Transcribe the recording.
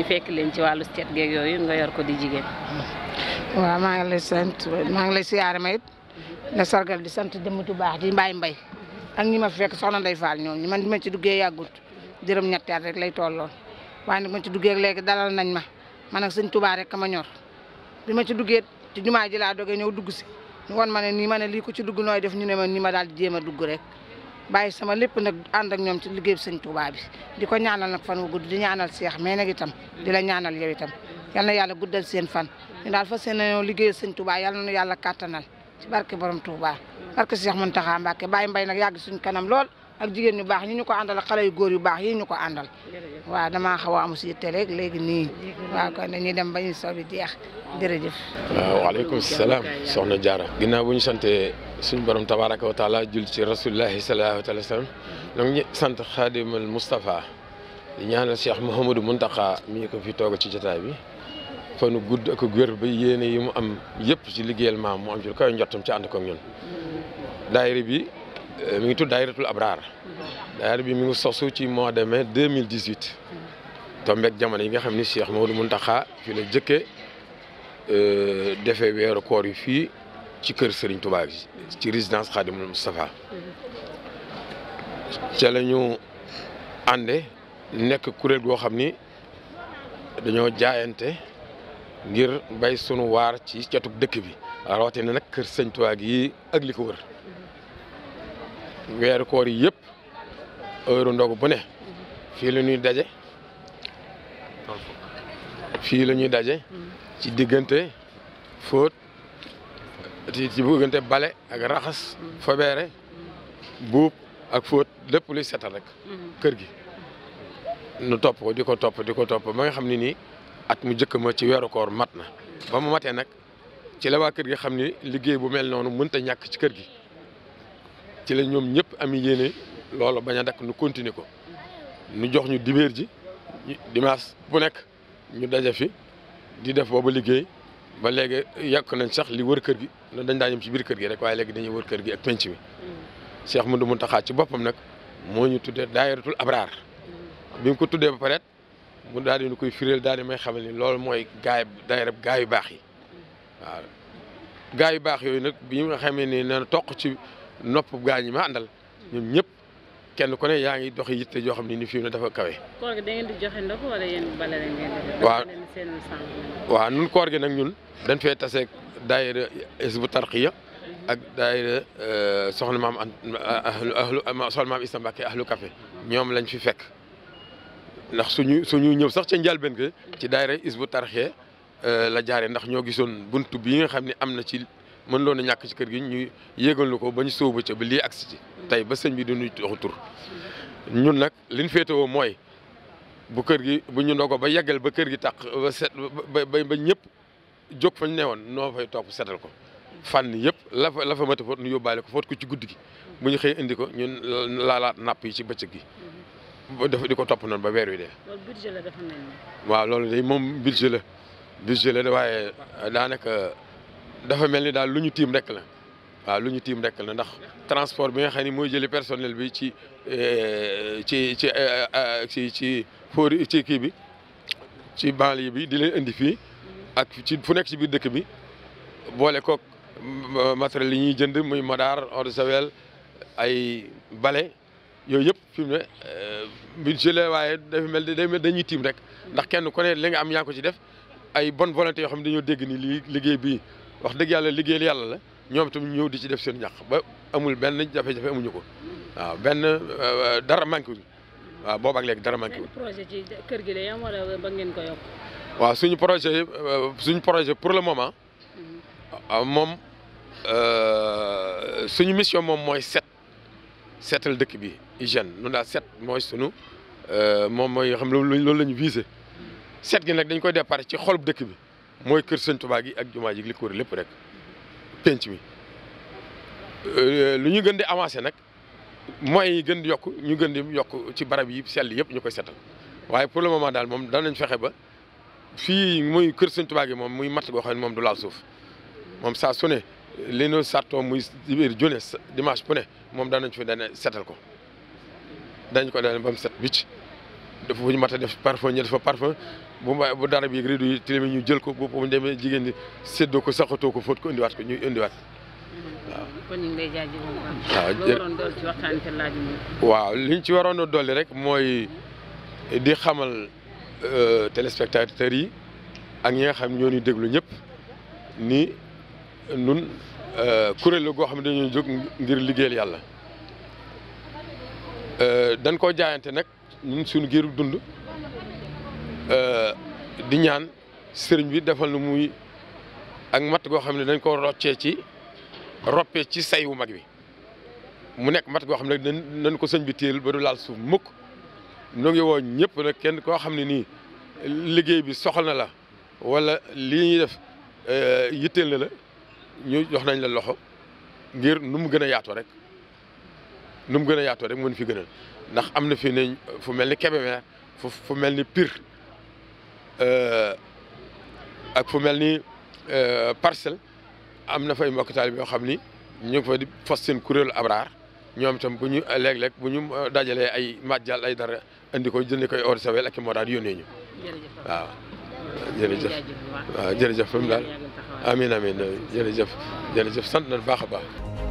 ñu fekk leen ci wàllu cet geeg yooyu ga yor ko di jigéen. waaw maa ngi lay sant maa ngi lay siyaare ma it la sargal di sant dem bu baax di mbaay mbay ak ñi ma fekk soxna Ndeye Fall ñoom ñu man di ma ci duggee yàggut jërëm ñetti at rek lay tolloon waaye nag ma ci duggee léegi dalal nañ ma man ak sëñ Tuubaa rek ma ñor bi ma ci duggee ci jumaa ji laa dogee ñëw dugg si ñu won ma ne nii ma ne lii ko ci dugg nooy def ñu ne ma ni ma daal di jéem a dugg rek. bàyyi sama lépp nag ànd ak ñoom ci liggéey sëñ Touba bi di ko ñaanal nag fan wu gudd di ñaanal seex mais nag itam di la ñaanal yow itam yal na yàlla guddal seen fan ñu daal fa seen liggéey sëñ Touba yal na yàlla kàttanal ci barke borom Touba barke Seex Muntaxa Mbàkke bàyyi mbay nag yàgg suñ kanam lool ak jigéen ñu baax ñi ñu ko àndal ak yu góor yu baax yi ñu ko àndal waa damaa xaw a am si te rek léegi nii waaw kon dañuy dem ba ñu soog bi jeex jërëjëf waaw waaleykum salaam soxna Diarra ginnaaw bu ñu santee suñu borom tabaraka wa jul ci rasulullahi sallallahu alayhi wa sallam donc sant xaadimal Moustapha di ñaanal Cheikh Mouhamadou Mountakha mii ko fi toog ci jotaay bi fanu gudd ak wér ba yéene yi mu am yëpp ci liggéeyal maam mu am ci lu koy njottam ci ànd ko ñun Euh, mi ngi tudd Daayiratul Abraar daayira bi mi ngi sosu ci mois de mai 2018 tombeeg jamono yi nga xam ni Cheikh mu Mountakha fi la jëkke euh, defee weeru koor yi fii ci kër sëriñ Touba bi ci résidence Khadimul Moustapha ca la ñu ànde nekk kuréel goo xam ni dañoo jaayante ngir bay sunu waar ci catug dëkk bi rawatina nag kër Serigne Touba gi ak li ko wër weeru koor yi yëpp heure ndogu bu ne fii la ñuy daje fii la daje ci diggante fóot ci ci diggante bale ak raxas fobeere buub ak fóot lépp luy setal rek kër gi nu topp ko di ko topp di topp ba nga xam ne nii at mu njëkk ma ci weeru koor mat na ba mu matee nag ci lawa kër gi xam ni liggéey bu mel noonu mënta ñàkk ci kër gi ci la ñoom ñëpp am yéene loolu bañ a dakk nu continuer ko nu jox ñu dibeer ji dimaas bu nekk ñu daje fi di def boobu liggéey ba léegi yàq nañ sax li wër kër gi dañ daa ñëw ci biir kër gi rek waaye léegi dañuy wër kër gi ak penc mi Cheikh Moudou taxaat ci boppam nag moo ñu tuddee daayiratul abraar bi mu ko tuddee ba pare mu daal di ñu koy fireel daal di may xamal ni loolu mooy gaay daayira gaay yu baax yi waaw gaay yu baax yooyu nag bi ñu nga xamee nee na ci nopp gaa ñi ma àndal ñoom ñëpp kenn ku ne yaa ngi doxi yitte yoo xam ne ni fi mu ne dafa kawe. koor gi da ngeen ñun koor gi nag ñun dañ fee taseeg daayira Hizbut Tarqiyyah ak daayira euh, soxna maam ahlu soxna maam Issa Mbacké ñoom lañ fi fekk ndax suñu suñu ñëw sax ca njëlbéen ke ci daayira Hizbut Tarqiyyah euh, la jaare ndax ñoo gisoon bunt bi nga xam ne am na ci mën loon a ñàkk ci kër gi ñu yégal nu ko ba ñu sóobu ca ba lii agsi ci tey ba sëñ bi du nuy doxu tur ñun nag liñ féetewoo mooy bu kër gi bu ñu ndogo ba yeggal ba kër gi tàq ba set ba ba ñëpp jóg fañ ne woon noo fay topp setal ko fànn yëpp la fa la foot nu yóbbaale ko foot ko ci guddi gi bu ñu xëy indi ko ñun laalaat napp yi ci bëccëg gi dafa di ko topp noonu ba weer wi dee waaw loolu day moom budget la budget la waaye daanaka dafa mel ni daal lu ñu tiim rek la waaw lu ñu tiim rek la ndax transport bi nga xam ne mooy jëli personnel bi ci eh, ci ci eh, eh, ci ci for ci kii bi ci banlieue bi di leen indi fii ak ci fu nekk ci biir dëkk bi boole kook matériel yi ñuy jënd muy madaar eau de ay bale yooyu yëpp fi mu ne budget la waaye dafa mel ni dañuy tiim rek ndax kenn ku ne li nga am yaa ko ci def ay bon volonté yoo xam ne dañoo dégg ni lii liggéey bi wax dëgg yàlla liggéeyal yàlla la ñoom itam ñëw di ci def seen ñax ba amul benn jafe-jafe amuñu ko waaw benn euh, dara manqué waaw boobaak léegi dara manqué wuñ. projet ci kër gi la yam waaw suñu projet euh, suñu projet pour le moment mhm. euh, moom suñu mission moom mooy set seetal dëkk bi hygiène nun daal set mooy suñu moom mooy xam loolu la ñu visé set gi nag dañ koy départ ci xolub dëkk bi. mooy kër sëñ Tuubaa gi ak jumaa ji li ko lépp rek penc mi euh, lu ñu gën di avancé nag moyens gën di yokk ñu gën di yokk ci barab yi sell yëpp ñu koy setal waaye pour le moment daal moom danañ fexe ba fii muy kër sëñ Tuubaa moom muy matt goo xam ne moom du laal suuf moom saa su ne sarto muy biir june dimanche bu ne moom danañ fi dana setal ko dañ ko daan ba mu set wicc dafa ñu mat a def parfum ñu fa parfum bu bu dara bi rido yi ñu jël ko bu jigéen ñi séddoo ko saxatoo ko fóot ko indiwaat ko ñuy indiwaat waaw. Mm-hmm. kon ñu ah, ci waxtaan liñ ci waroon a dolli rek mooy di xamal euh, téléspectateurs yi ak ñi nga xam ñoo ñu déglu ñëpp ni nun euh, kuréel la goo xam ne dañoo jóg ngir liggéeyal yàlla euh, dañ koo jaayante nag. ñun suñu ngir dund euh, di ñaan sëriñ bi defal na muy ak mat goo xam ne dañ ko roccee ci roppee ci sayu mag bi mu nekk mat goo xam ne nañ ko sëñ bi téel ba du laal suuf mukk ñoo ngi woo ñëpp nag kenn koo xam ne nii liggéey bi soxal na la walla lii ñuy def euh, yitteel na la ñu jox nañ la loxo ngir nu mu gën a yaatoo rek nu mu gën a yaatoo rek moo mën fi gënal ndax am na fi ne fu mel ni Kébémer fu fu mel ni piir Pire euh, ak fu mel ni euh, Parcelles am na fay mbokk taalibe yoo xam ni ñu ngi fa di fas seen kuréelu abraar ñoom itam bu ñu léeg-léeg bu ñu dajalee ay màjjal ay dara indi ko jënd koy ordre sawel ak moo daan yónnee ñu waaw jërëjëf waaw daal amin amin jërëjëf jërëjëf sant nañ baax a baax